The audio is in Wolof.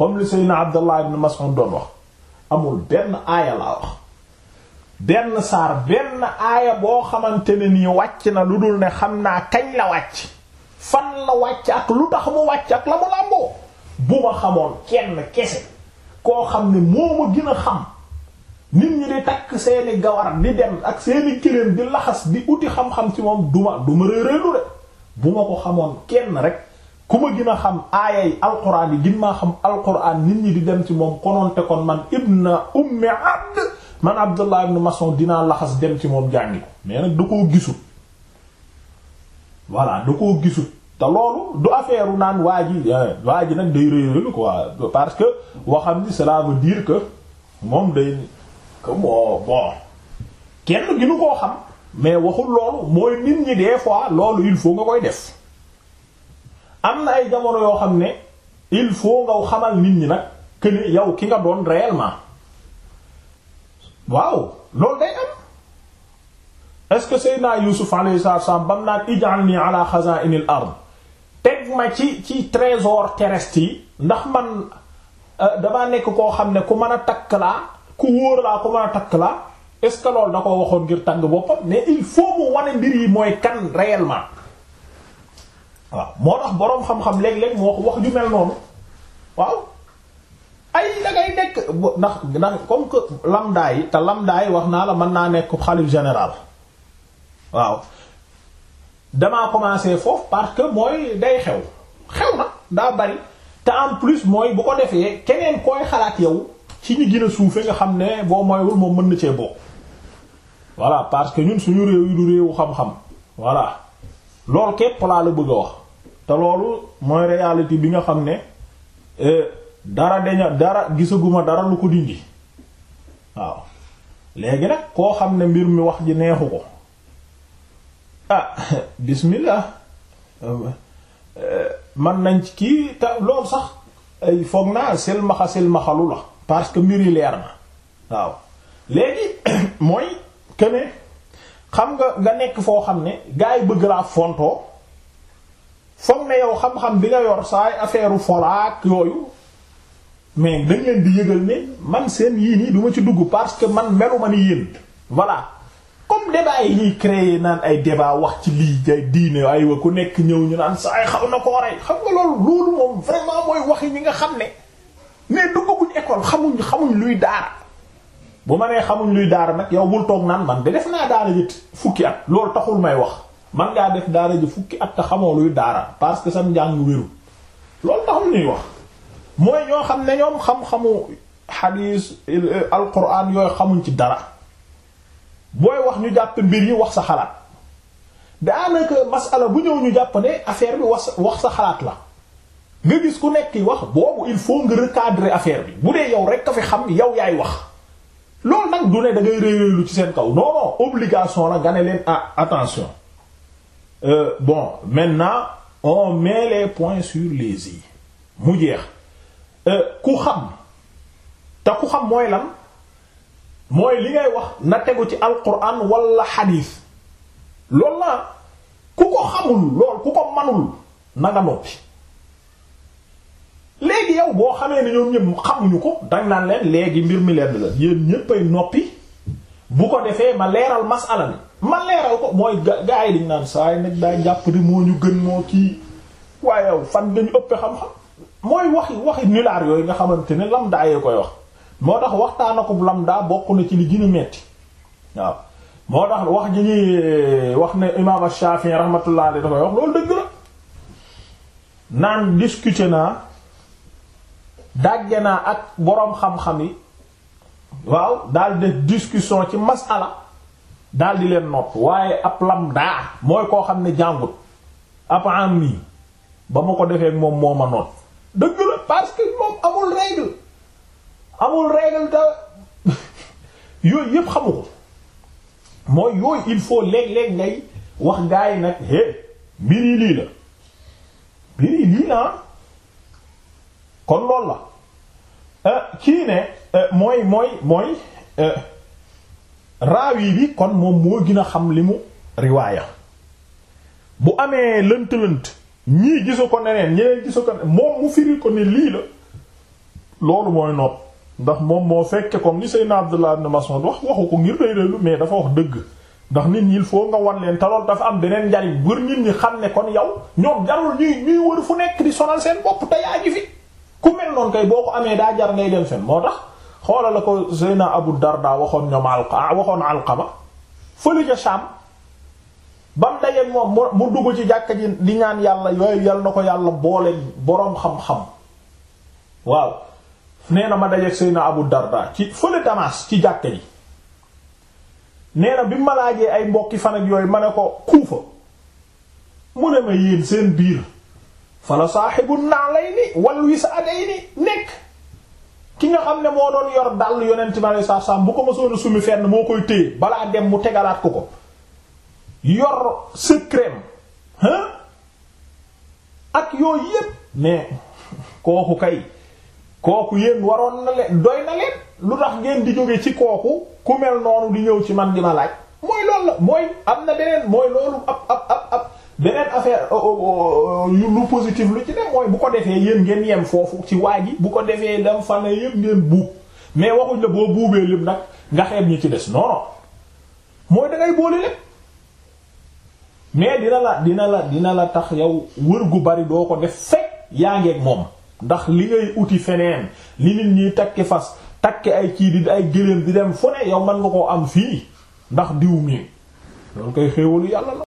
comme li Seydina Abdallah ibn Mas'ud doon wax amul benn aaya laa wax benn saar benn aaya boo xamante ne nii wàcc na lu dul ne xam naa kañ la wàcc fan la wàcc ak lu tax mu wàcc ak la mu làmboo bu ma xamoon kenn kese koo xam ne moo ma gën a xam nit ñi di takk seeni gawar di dem ak seeni këréen di laxas di uti xam-xam ci moom duma duma réeréelu de bu ma ko xamoon kenn rek ku ma gin a xam aaya yi yi gën maa xam alquran nit ñi di dem ci moom kononte kon man ibn ummi abd man abdullah ibn mas'ud dinaa laxas dem ci moom jàngi ko mais nag du koo gisul voilà du koo gisul te loolu du affaire u naan waa ji eh, waa ji nag day réyrélu quoi parce que waxam ni cela veut dire que moom day que moo bon kenn ginu koo xam mais waxul loolu mooy nit ñi des fois loolu il faut nga koy def am na ay jamono yoo xam ne il faut nga xamal nit ñi nag que ni yow ki nga doon réellement waaw loolu day am est-ce que Seydina Yusuf alayhi salaam bam naan ij'alni ala xazaa'inil ard teg ma ci ci trésor terrestre yi ndax man euh, damaa nekk koo xam ne ku mën a takk laa ku wóor laa ku mën a takk laa est-ce que da ko waxoon ngir tàng boppam mais il faut mu wane mbir mooy kan réellement. waaw moo tax boroom xam-xam léeg-léeg moo ko wax ju mel noonu waaw ay dangay nekk ndax ndax comme te lamda wax naa la mën naa nekk xalif général waaw damaa commencé foofu parce que mooy day xew xew na daa bari te en plus mooy bu ko defee keneen koy xalaat yow ci ñi gën a nga xam ne boo mooywul moom mën na cee bokk voilà parce que ñun suñu réew yu du réewu xam-xam voilà loolu képp laa la bëgg a wax te loolu mooy réalité bi nga xam ne euh, dara daña dara gisaguma dara lu ko dindi waaw léegi nag koo xam ne mbir mi wax ji neexu ko ah bismillah euh, man nañ ci kii te loolu sax ay foog naa silmaxa silmaxalu la parce que mbir yi leer na waaw léegi mooy que xam nga nga nekk foo xam ne gaa yi bëgg laa fontoo foog ne yow xam-xam bi nga yor saay affaire folaak yooyu mais dañ leen di yëgal ne man seen yii nii du ma ci dugg parce que man melu ma ni yéen voilà comme débat yi ñuy créer naan ay débat wax ci lii ay diine ay ku nekk ñëw ñu naan saay xaw na koo rey xam nga loolu loolu moom vraiment mooy waxi ñi nga xam ne mais duggaguñ école xamuñ xamuñ luy daara bu ma nee xamuñ luy daara nag yow bul toog naan man de def naa daara yit fukki at loolu taxul may wax. man ngaa def daara ji fukki at te xamoo luy daara parce que sam njàng wéru loolu taxul ñuy wax mooy ñoo xam ne ñoom xam-xamu xadiis alquran yooyu xamuñ ci dara booy wax ñu jàpp mbir yi wax sa xalaat daanaka masala bu ñëw ñu jàpp ne affaire bi wax wax sa xalaat la nga gis ku nekk yi wax boobu il faut nga recadrer affaire bi bu dee yow rek ka fi xam yow yaay wax loolu nag du ne da ngay réeréelu ci seen kaw non obligation la nga ne leen ah, attention euh, bon maintenant on met les points sur les i mu jeex euh, ku xam te ku xam mooy lan mooy li ngay wax na tegu ci alquran wala xadiis loolu la ku ko xamul lool ku ko manul na noppi léegi yow boo xamee ne ñoom ñëpp xamuñu ko dañ naan leen léegi mbir mi leen la yéen ñépp noppi bu ko defee ma leeral masala bi ma leeral ko mooy gaa yi naan saa yi nag daa jàpp ne moo ñu gën moo ci waaye fan dañu ëpp xam-xam mooy waxi waxi nulaar yooyu nga xamante ne lamdaa yee koy wax moo tax waxtaanakub lamdaa bokk na ci li gën a metti wax ji ñuy eh, wax ne imaam Shafi'i rahmatullah alayhi da koy wax loolu dëgg la naan discuter naa dàgge naa ak boroom xam-xam yi waaw daal def discussion ci masala daal di leen nopp waaye ab lam daa mooy koo xam ne jàngut ab am nii ba ma ko defee moom moo ma noot dëgg la parce que moom amul règle amul règle te yooyu yépp xamu ko mooy yooyu il faut léeg-léeg ngay wax gaa yi nag é mbir lii la mbir lii la ah kon loolu la eh, kii ne eh, mooy mooy mooy eh, raawi bi kon moom moo gin a xam li mu riwaaya bu amee lënt-lënt ñii gisu ko neneen ñeneen gisu ko moom mu firi ko ne lii la loolu mooy nopp ndax moom moo fekke comme ni Seydina Abdullah ibn Mas'ud wax waxu ko ngir rëy rëylu mais dafa wax dëgg ndax nit ñi il nga wan leen te loolu dafa am beneen njariñ bër nit ñi xam ne kon yow ñoom jarul ñuy ñuy wër fu nekk di sonal seen bopp te yaa ngi ku mel noonu kay boo ko amee daa jar ngay dem fen xoola la ko Zeyna Abu Darda waxoon ñoom Alqa ah, waxoon Alqama fële ca Sham ba mu dajeeg moom mu dugg ci jàkka ji di ñaan yàlla yooyu yal na ko yàlla boole boroom xam-xam waaw nee na ma dajeeg Zeyna Abu Darda ci fële Damas ci jàkka ji nee na bi ma ay mbokki fan yooyu ma ne ko Kuufa mu ne ma yéen seen biir fala saaxibun na'layni wal wisaadayni nekk. ki nga xam ne moo doon yor dàll yonent bi aleyhi salaatu salaam bu ko mësoon a sumi fenn moo koy téye balaa dem mu tegalaat ko ko yor secret hein ak yooyu yépp mais kooku kay kooku yéen waroon na leen doy na leen lu tax ngeen di jóge ci kooku ku mel noonu di ñëw ci man di ma laaj mooy loolu mooy am na beneen mooy loolu ab ab ab ab beneen affaire euh, euh, euh, lu positif lu ci dem mooy bu ko defee yéen ngeen yem foofu ci waa ji bu ko defee dem fan yépp ngeen buub mais waxuñ la boo buubee lépp nag nga xeeb ñi ci des non non mooy dangay boole lépp mais dina la dina la dina la tax yow wër gu bari doo ko def fekk yaa ngeeg moom ndax li ngay uti feneen li nit ñiy takki fas takki ay kii di ay gëléem di dem fu ne yow man nga koo am fii ndax diw mi loolu koy xéewalu yàlla la